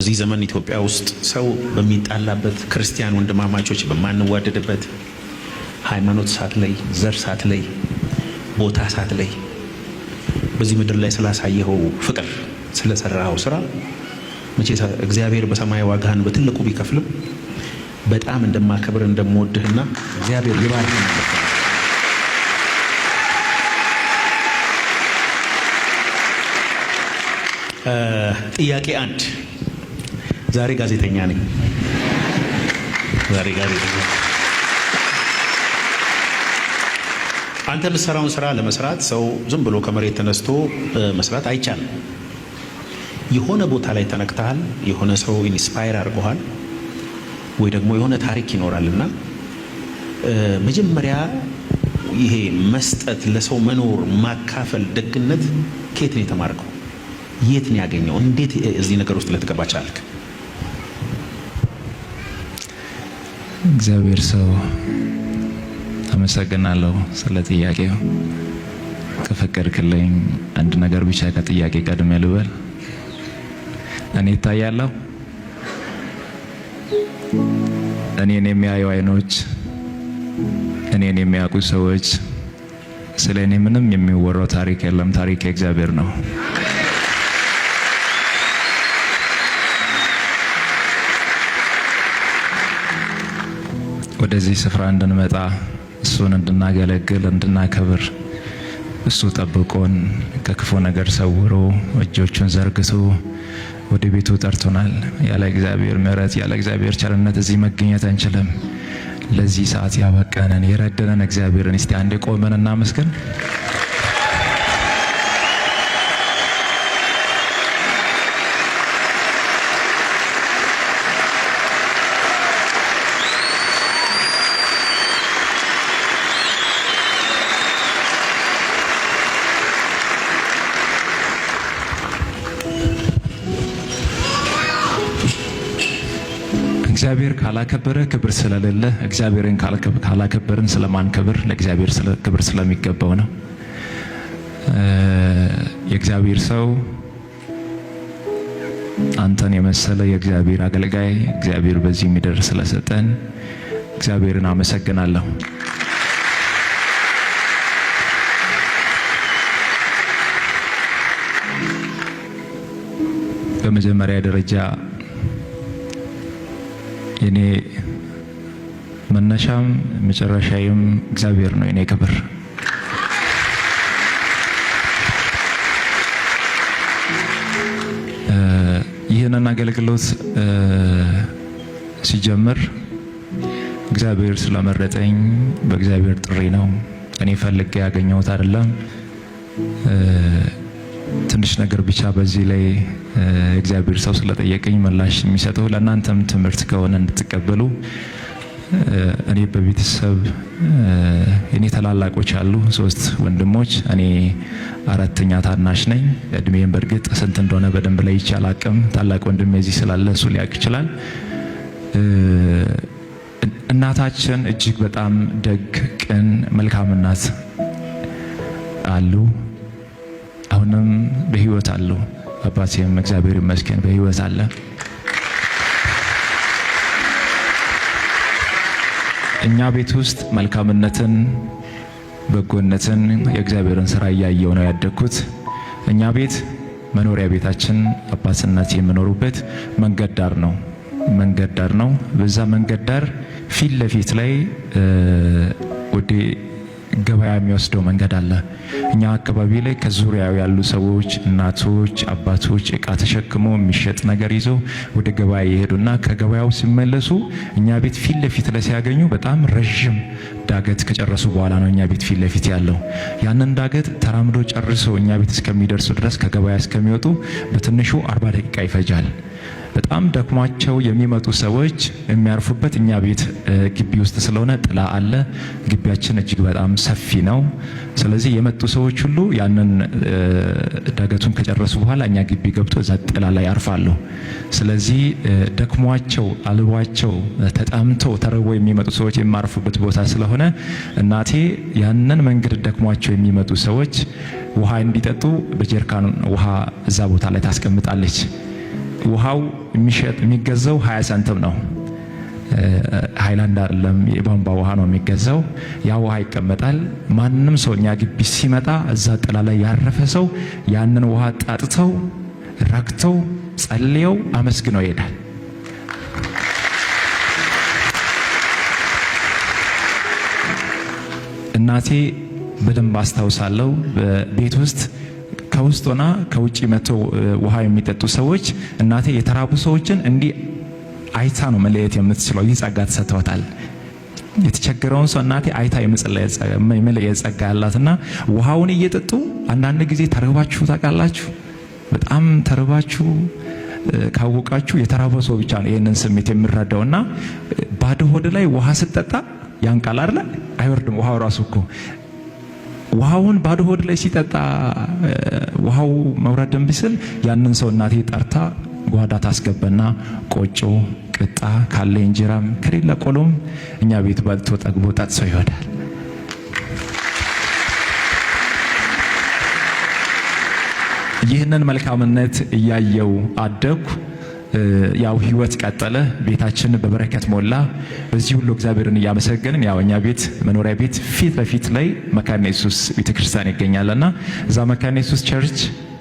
እዚህ ዘመን ኢትዮጵያ ውስጥ ሰው በሚጣላበት ክርስቲያን ወንድማማቾች በማንዋደድበት ሃይማኖት ሳት ላይ ዘር ሳት ላይ ቦታ ሳት ላይ በዚህ ምድር ላይ ስላሳየኸው ፍቅር ስለሰራኸው ስራ መቼ እግዚአብሔር በሰማይ ዋጋህን በትልቁ ቢከፍልም በጣም እንደማከብር እንደምወድህና እግዚአብሔር ይባርክ ጥያቄ አንድ ዛሬ ጋዜጠኛ ነኝ። ዛሬ ጋዜጠኛ አንተ የምትሰራውን ስራ ለመስራት ሰው ዝም ብሎ ከመሬት ተነስቶ መስራት አይቻልም። የሆነ ቦታ ላይ ተነክተሃል፣ የሆነ ሰው ኢንስፓየር አድርጎሃል፣ ወይ ደግሞ የሆነ ታሪክ ይኖራል እና መጀመሪያ ይሄ መስጠት፣ ለሰው መኖር፣ ማካፈል፣ ደግነት ከየት ነው የተማርከው? የት ነው ያገኘው? እንዴት እዚህ ነገር ውስጥ ልትገባ ቻልክ? እግዚአብሔር ሰው አመሰግናለሁ ስለ ጥያቄው። ከፈቀድክልኝ አንድ ነገር ብቻ ከጥያቄ ቀድሜ ልበል። እኔ ይታያለሁ? እኔን የሚያዩ አይኖች፣ እኔን የሚያውቁ ሰዎች፣ ስለ እኔ ምንም የሚወራው ታሪክ የለም። ታሪክ የእግዚአብሔር ነው። ወደዚህ ስፍራ እንድንመጣ እሱን እንድናገለግል እንድናከብር እሱ ጠብቆን ከክፉ ነገር ሰውሮ እጆቹን ዘርግቶ ወደ ቤቱ ጠርቶናል። ያለ እግዚአብሔር ምሕረት ያለ እግዚአብሔር ቸርነት እዚህ መገኘት አንችልም። ለዚህ ሰዓት ያበቀነን የረደነን እግዚአብሔርን እስቲ አንድ ቆመን እናመስግን። እግዚአብሔር ካላከበረ ክብር ስለሌለ እግዚአብሔርን ካላከበርን ስለማንከብር ለእግዚአብሔር ክብር ስለሚገባው ነው። የእግዚአብሔር ሰው አንተን የመሰለ የእግዚአብሔር አገልጋይ እግዚአብሔር በዚህ የሚደርስ ስለሰጠን እግዚአብሔርን አመሰግናለሁ። በመጀመሪያ ደረጃ የኔ መነሻም መጨረሻዬም እግዚአብሔር ነው። የኔ ክብር ይህንን አገልግሎት ሲጀምር እግዚአብሔር ስለመረጠኝ በእግዚአብሔር ጥሪ ነው። እኔ ፈልጌ ያገኘሁት አይደለም። ትንሽ ነገር ብቻ በዚህ ላይ እግዚአብሔር ሰው ስለጠየቀኝ ምላሽ የሚሰጠው ለእናንተም ትምህርት ከሆነ እንድትቀበሉ እኔ በቤተሰብ እኔ ታላላቆች አሉ፣ ሶስት ወንድሞች፣ እኔ አራተኛ ታናሽ ነኝ። እድሜም በእርግጥ ስንት እንደሆነ በደንብ ላይ ይቻል አቅም ታላቅ ወንድሜ እዚህ ስላለ እሱ ሊያውቅ ይችላል። እናታችን እጅግ በጣም ደግ፣ ቅን፣ መልካም እናት አሉ። አሁንም በህይወት አሉ። አባቴም እግዚአብሔር ይመስገን በህይወት አለ። እኛ ቤት ውስጥ መልካምነትን፣ በጎነትን፣ የእግዚአብሔርን ስራ እያየው ነው ያደግኩት። እኛ ቤት መኖሪያ ቤታችን አባትናት የምኖሩበት መንገድ ዳር ነው መንገድ ዳር ነው። በዛ መንገድ ዳር ፊት ለፊት ላይ ወደ ገበያ የሚወስደው መንገድ አለ። እኛ አካባቢ ላይ ከዙሪያው ያሉ ሰዎች እናቶች፣ አባቶች እቃ ተሸክሞ የሚሸጥ ነገር ይዘው ወደ ገበያ ይሄዱና ከገበያው ሲመለሱ እኛ ቤት ፊት ለፊት ላይ ሲያገኙ በጣም ረዥም ዳገት ከጨረሱ በኋላ ነው እኛ ቤት ፊት ለፊት ያለው። ያንን ዳገት ተራምዶ ጨርሶ እኛ ቤት እስከሚደርሱ ድረስ ከገበያ እስከሚወጡ በትንሹ አርባ ደቂቃ ይፈጃል። በጣም ደክሟቸው የሚመጡ ሰዎች የሚያርፉበት እኛ ቤት ግቢ ውስጥ ስለሆነ ጥላ አለ። ግቢያችን እጅግ በጣም ሰፊ ነው። ስለዚህ የመጡ ሰዎች ሁሉ ያንን ዳገቱን ከጨረሱ በኋላ እኛ ግቢ ገብቶ እዛ ጥላ ላይ ያርፋሉ። ስለዚህ ደክሟቸው፣ አልቧቸው፣ ተጣምተው ተርበው የሚመጡ ሰዎች የሚያርፉበት ቦታ ስለሆነ እናቴ ያንን መንገድ ደክሟቸው የሚመጡ ሰዎች ውሃ እንዲጠጡ በጀሪካን ውሃ እዛ ቦታ ላይ ታስቀምጣለች። ውሃው የሚሸጥ የሚገዛው 20 ሳንቲም ነው። ሃይላንድ አይደለም፣ የቧንቧ ውሃ ነው የሚገዛው። ያ ውሃ ይቀመጣል። ማንም ሰው እኛ ግቢ ሲመጣ እዛ ጥላ ላይ ያረፈ ሰው ያንን ውሃ ጠጥተው ረክተው ጸልየው አመስግነው ይሄዳል። እናቴ በደንብ አስታውሳለሁ በቤት ውስጥ ከውስጥ ሆና ከውጭ ውሃ የሚጠጡ ሰዎች እናቴ የተራቡ ሰዎችን እንዲህ አይታ ነው መለየት የምትችለው። ይህ ጸጋ ተሰጥቷታል። የተቸገረውን ሰው እናቴ አይታ የመለየት ጸጋ ያላትና ውሃውን እየጠጡ አንዳንድ ጊዜ ተርባችሁ ታውቃላችሁ። በጣም ተርባችሁ ካወቃችሁ የተራበ ሰው ብቻ ነው ይህንን ስሜት የሚረዳውና ባዶ ሆድ ላይ ውሃ ስጠጣ ያን ቃል አይደለ አይወርድም ውሃው ራሱ እኮ ውሃውን ባዶ ሆድ ላይ ሲጠጣ ውሃው መውረድ እምቢ ሲል ያንን ሰው እናቴ ጠርታ ጓዳ ታስገባና ቆጮ ቅጣ ካለ እንጀራም ከሌለ ቆሎም እኛ ቤት በልቶ ጠግቦ ጠጥሶ ይወዳል። ይህንን መልካምነት እያየው አደግኩ። ያው ህይወት ቀጠለ። ቤታችን በበረከት ሞላ። በዚህ ሁሉ እግዚአብሔርን እያመሰገንን ያው እኛ ቤት መኖሪያ ቤት ፊት ለፊት ላይ መካነ ኢየሱስ ቤተክርስቲያን ይገኛልና እዛ መካነ ኢየሱስ ቸርች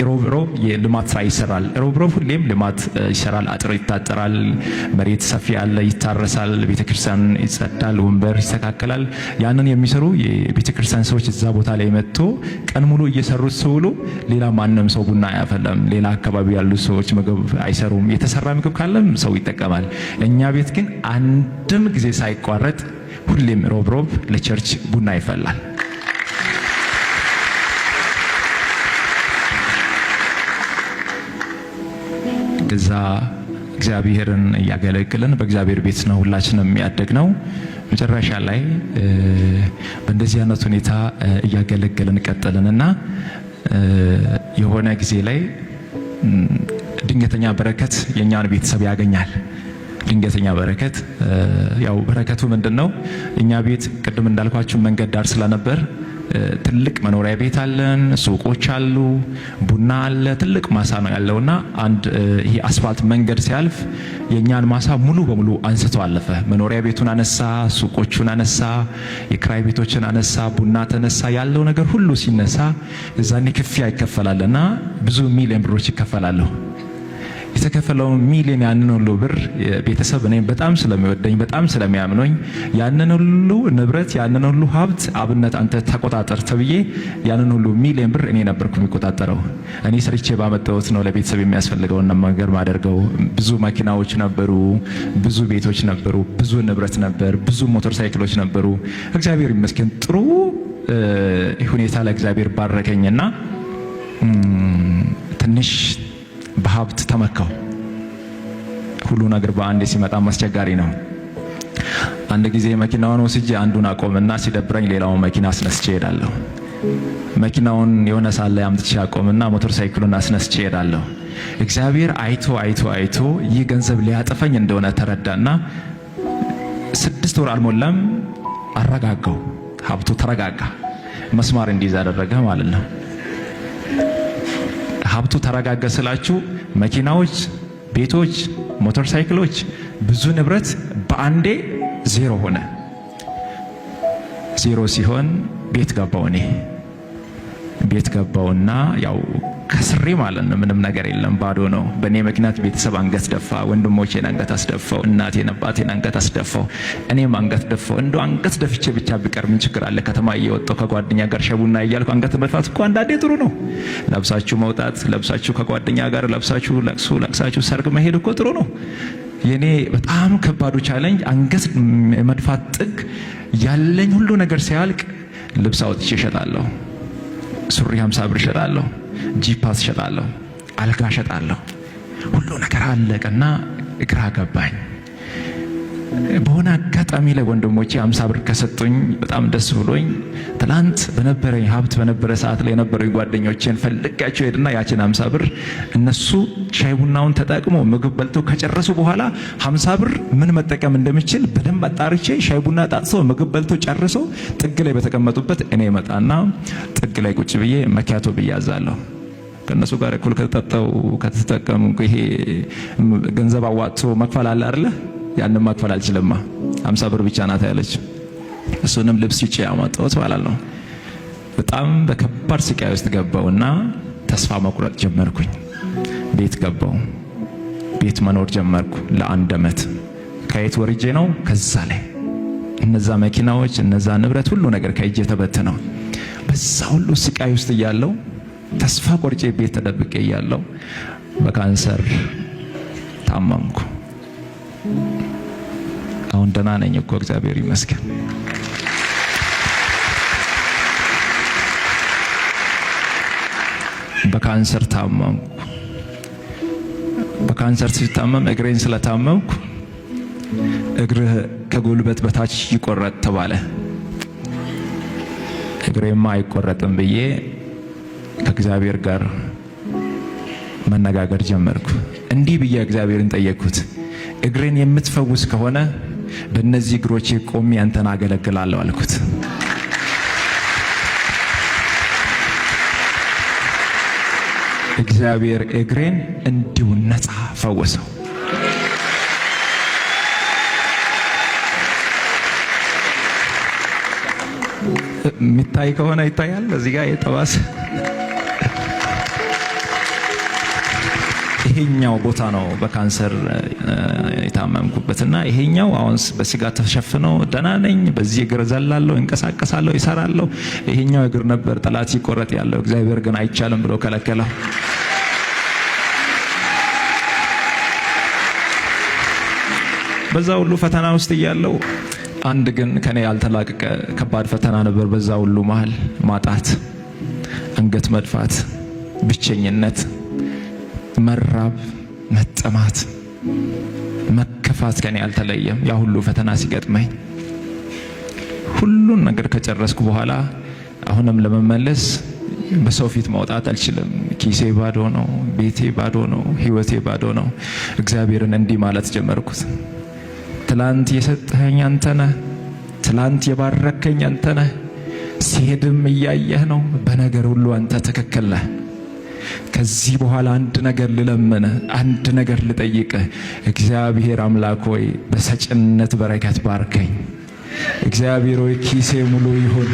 ሮብሮብ የልማት ስራ ይሰራል። ሮብሮብ ሁሌም ልማት ይሰራል። አጥር ይታጠራል፣ መሬት ሰፊ ያለ ይታረሳል፣ ቤተክርስቲያን ይጸዳል፣ ወንበር ይስተካከላል። ያንን የሚሰሩ የቤተክርስቲያን ሰዎች እዛ ቦታ ላይ መጥቶ ቀን ሙሉ እየሰሩት ሲውሉ ሌላ ማንም ሰው ቡና አያፈላም። ሌላ አካባቢ ያሉ ሰዎች ምግብ አይሰሩም። የተሰራ ምግብ ካለም ሰው ይጠቀማል። እኛ ቤት ግን አንድም ጊዜ ሳይቋረጥ ሁሌም ሮብሮብ ለቸርች ቡና ይፈላል። እዛ እግዚአብሔርን እያገለግልን በእግዚአብሔር ቤት ነው ሁላችንም የሚያደግ ነው። መጨረሻ ላይ በእንደዚህ አይነት ሁኔታ እያገለገልን ቀጠልን እና የሆነ ጊዜ ላይ ድንገተኛ በረከት የእኛን ቤተሰብ ያገኛል። ድንገተኛ በረከት ያው በረከቱ ምንድን ነው? እኛ ቤት ቅድም እንዳልኳችሁ መንገድ ዳር ስለነበር ትልቅ መኖሪያ ቤት አለን፣ ሱቆች አሉ፣ ቡና አለ፣ ትልቅ ማሳ ነው ያለውና አንድ ይሄ አስፋልት መንገድ ሲያልፍ የእኛን ማሳ ሙሉ በሙሉ አንስቶ አለፈ። መኖሪያ ቤቱን አነሳ፣ ሱቆቹን አነሳ፣ የክራይ ቤቶችን አነሳ፣ ቡና ተነሳ። ያለው ነገር ሁሉ ሲነሳ እዛኔ ክፍያ ይከፈላልና ብዙ ሚሊዮን ብሮች ይከፈላለሁ። የተከፈለው ሚሊዮን ያንን ሁሉ ብር ቤተሰብ እኔ በጣም ስለሚወደኝ በጣም ስለሚያምኖኝ ያንን ሁሉ ንብረት ያንን ሁሉ ሀብት አብነት አንተ ተቆጣጠር ተብዬ ያንን ሁሉ ሚሊዮን ብር እኔ ነበርኩ የሚቆጣጠረው። እኔ ሰርቼ ባመጣሁት ነው ለቤተሰብ የሚያስፈልገውን ነገር ማደርገው። ብዙ መኪናዎች ነበሩ፣ ብዙ ቤቶች ነበሩ፣ ብዙ ንብረት ነበር፣ ብዙ ሞተር ሳይክሎች ነበሩ። እግዚአብሔር ይመስገን ጥሩ ሁኔታ ለእግዚአብሔር ባረከኝና ትንሽ በሀብት ተመካው። ሁሉ ነገር በአንዴ ሲመጣም አስቸጋሪ ነው። አንድ ጊዜ መኪናውን ወስጄ አንዱን አቆምና ሲደብረኝ ሌላውን መኪና አስነስቼ ሄዳለሁ። መኪናውን የሆነ ሳለ አምጥቼ አቆምና ሞተር ሳይክሉን አስነስቼ ሄዳለሁ። እግዚአብሔር አይቶ አይቶ አይቶ ይህ ገንዘብ ሊያጠፈኝ እንደሆነ ተረዳና ስድስት ወር አልሞላም አረጋጋው። ሀብቱ ተረጋጋ፣ መስማር እንዲይዝ አደረገ ማለት ነው። ሀብቱ ተረጋገ ስላችሁ መኪናዎች፣ ቤቶች፣ ሞተር ሳይክሎች፣ ብዙ ንብረት በአንዴ ዜሮ ሆነ። ዜሮ ሲሆን ቤት ገባው እኔ ቤት ገባውና ያው ከስሬ ማለት ነው። ምንም ነገር የለም፣ ባዶ ነው። በእኔ ምክንያት ቤተሰብ አንገት ደፋ፣ ወንድሞቼን አንገት አስደፋው፣ እናቴን አባቴን አንገት አስደፋው፣ እኔም አንገት ደፋው። እንደው አንገት ደፍቼ ብቻ ቢቀር ምን ችግር አለ? ከተማ እየወጣሁ ከጓደኛ ጋር ሸቡና እያልኩ አንገት መድፋት እኮ አንዳንዴ ጥሩ ነው። ለብሳችሁ መውጣት፣ ለብሳችሁ ከጓደኛ ጋር ለብሳችሁ ለቅሶ ለቅሳችሁ ሰርግ መሄድ እኮ ጥሩ ነው። የኔ በጣም ከባዱ ቻለንጅ አንገት መድፋት ጥግ ያለኝ ሁሉ ነገር ሲያልቅ ልብስ አውጥቼ እሸጣለሁ። ሱሪ 50 ብር እሸጣለሁ። ጂፓስ ሸጣለሁ፣ አልጋ ሸጣለሁ፣ ሁሉ ነገር አለቀና ግራ ገባኝ። በሆነ አጋጣሚ ላይ ወንድሞቼ አምሳ ብር ከሰጡኝ በጣም ደስ ብሎኝ ትላንት በነበረኝ ሀብት በነበረ ሰዓት ላይ የነበረኝ ጓደኞቼን ፈልጋቸው ሄድና ያችን አምሳ ብር እነሱ ሻይ ቡናውን ተጠቅሞ ምግብ በልተው ከጨረሱ በኋላ ሀምሳ ብር ምን መጠቀም እንደምችል በደንብ አጣርቼ ሻይ ቡና ጣጥሰው ምግብ በልተው ጨርሰው ጥግ ላይ በተቀመጡበት እኔ መጣና ጥግ ላይ ቁጭ ብዬ መኪያቶ ብዬ አዛለሁ። ከእነሱ ጋር እኩል ከተጠጠው ከተጠቀሙ ይሄ ገንዘብ አዋጥቶ መክፈል አለ አይደለ ያንን ማክፈል አልችልማ አምሳ ብር ብቻ ናት ያለች። እሱንም ልብስ ውጭ ያመጣሁት ማለት ነው። በጣም በከባድ ስቃይ ውስጥ ገባውና ተስፋ መቁረጥ ጀመርኩኝ። ቤት ገባው፣ ቤት መኖር ጀመርኩ ለአንድ አመት። ከየት ወርጄ ነው ከዛ ላይ እነዛ መኪናዎች እነዛ ንብረት ሁሉ ነገር ከእጄ ተበትነው በዛ ሁሉ ስቃይ ውስጥ እያለው ተስፋ ቆርጬ ቤት ተደብቄ እያለው በካንሰር ታመምኩ። አሁን ደህና ነኝ እኮ እግዚአብሔር ይመስገን። በካንሰር ታመምኩ። በካንሰር ሲታመም እግሬን ስለታመምኩ እግርህ ከጉልበት በታች ይቆረጥ ተባለ። እግሬማ አይቆረጥም ብዬ ከእግዚአብሔር ጋር መነጋገር ጀመርኩ። እንዲህ ብዬ እግዚአብሔርን ጠየቅኩት፣ እግሬን የምትፈውስ ከሆነ በእነዚህ እግሮቼ ቆሜ አንተን አገለግላለሁ አልኩት። እግዚአብሔር እግሬን እንዲሁ ነፃ ፈወሰው። የሚታይ ከሆነ ይታያል። እዚህ ጋር የጠባሰ ይሄኛው ቦታ ነው በካንሰር የታመምኩበትና ይሄኛው አሁን በስጋ ተሸፍነው ደህና ነኝ። በዚህ እግር ዘላለሁ፣ እንቀሳቀሳለሁ፣ ይሰራለሁ። ይሄኛው እግር ነበር ጠላት ይቆረጥ ያለው እግዚአብሔር ግን አይቻልም ብሎ ከለከለው። በዛ ሁሉ ፈተና ውስጥ እያለው አንድ ግን ከኔ ያልተላቀቀ ከባድ ፈተና ነበር። በዛ ሁሉ መሀል ማጣት፣ አንገት መድፋት፣ ብቸኝነት መራብ፣ መጠማት፣ መከፋት ከኔ አልተለየም። ያ ሁሉ ፈተና ሲገጥመኝ ሁሉን ነገር ከጨረስኩ በኋላ አሁንም ለመመለስ በሰው ፊት መውጣት አልችልም። ኪሴ ባዶ ነው፣ ቤቴ ባዶ ነው፣ ህይወቴ ባዶ ነው። እግዚአብሔርን እንዲህ ማለት ጀመርኩት። ትላንት የሰጠኸኝ አንተ ነህ፣ ትላንት የባረከኝ አንተ ነህ። ሲሄድም እያየህ ነው። በነገር ሁሉ አንተ ትክክል ነህ። ከዚህ በኋላ አንድ ነገር ልለምን፣ አንድ ነገር ልጠይቅህ። እግዚአብሔር አምላክ ሆይ በሰጭነት በረከት ባርከኝ። እግዚአብሔር ሆይ ኪሴ ሙሉ ይሁን።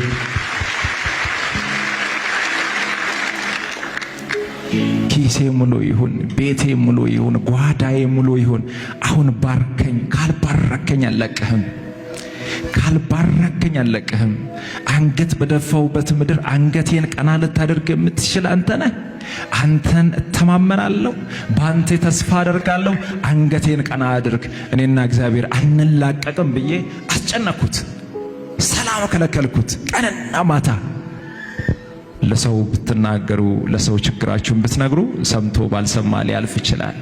ኪሴ ሙሉ ይሁን፣ ቤቴ ሙሉ ይሁን፣ ጓዳዬ ሙሉ ይሁን። አሁን ባርከኝ፣ ካልባረከኝ አለቅህም። ካልባረከኝ አለቅህም። አንገት በደፋውበት ምድር አንገቴን ቀና ልታደርግ የምትችል አንተ ነህ። አንተን እተማመናለሁ፣ በአንተ ተስፋ አደርጋለሁ። አንገቴን ቀና አድርግ፣ እኔና እግዚአብሔር አንላቀቅም ብዬ አስጨነኩት። ሰላም ከለከልኩት ቀንና ማታ። ለሰው ብትናገሩ፣ ለሰው ችግራችሁን ብትነግሩ ሰምቶ ባልሰማ ሊያልፍ ይችላል።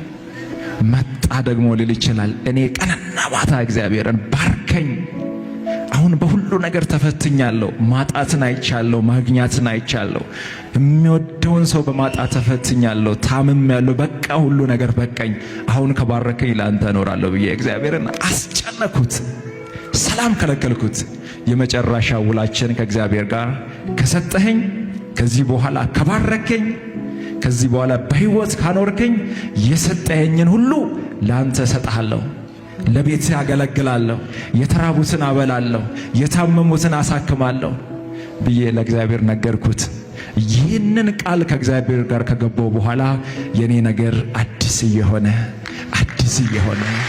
መጣ ደግሞ ሊል ይችላል። እኔ ቀንና ማታ እግዚአብሔርን ባርከኝ አሁን በሁሉ ነገር ተፈትኛለሁ። ማጣትን አይቻለሁ፣ ማግኛትን አይቻለሁ። የሚወደውን ሰው በማጣት ተፈትኛለሁ፣ ያለው በቃ ሁሉ ነገር በቃኝ፣ አሁን ከባረከኝ ላንተ እኖራለሁ ብዬ እግዚአብሔርን አስጨነኩት፣ ሰላም ከለከልኩት። የመጨረሻ ውላችን ከእግዚአብሔር ጋር ከሰጠኸኝ፣ ከዚህ በኋላ ከባረከኝ፣ ከዚህ በኋላ በሕይወት ካኖርከኝ፣ የሰጠኸኝን ሁሉ ለአንተ እሰጥሃለሁ ለቤት ያገለግላለሁ፣ የተራቡትን አበላለሁ፣ የታመሙትን አሳክማለሁ ብዬ ለእግዚአብሔር ነገርኩት። ይህንን ቃል ከእግዚአብሔር ጋር ከገባው በኋላ የእኔ ነገር አዲስ እየሆነ አዲስ እየሆነ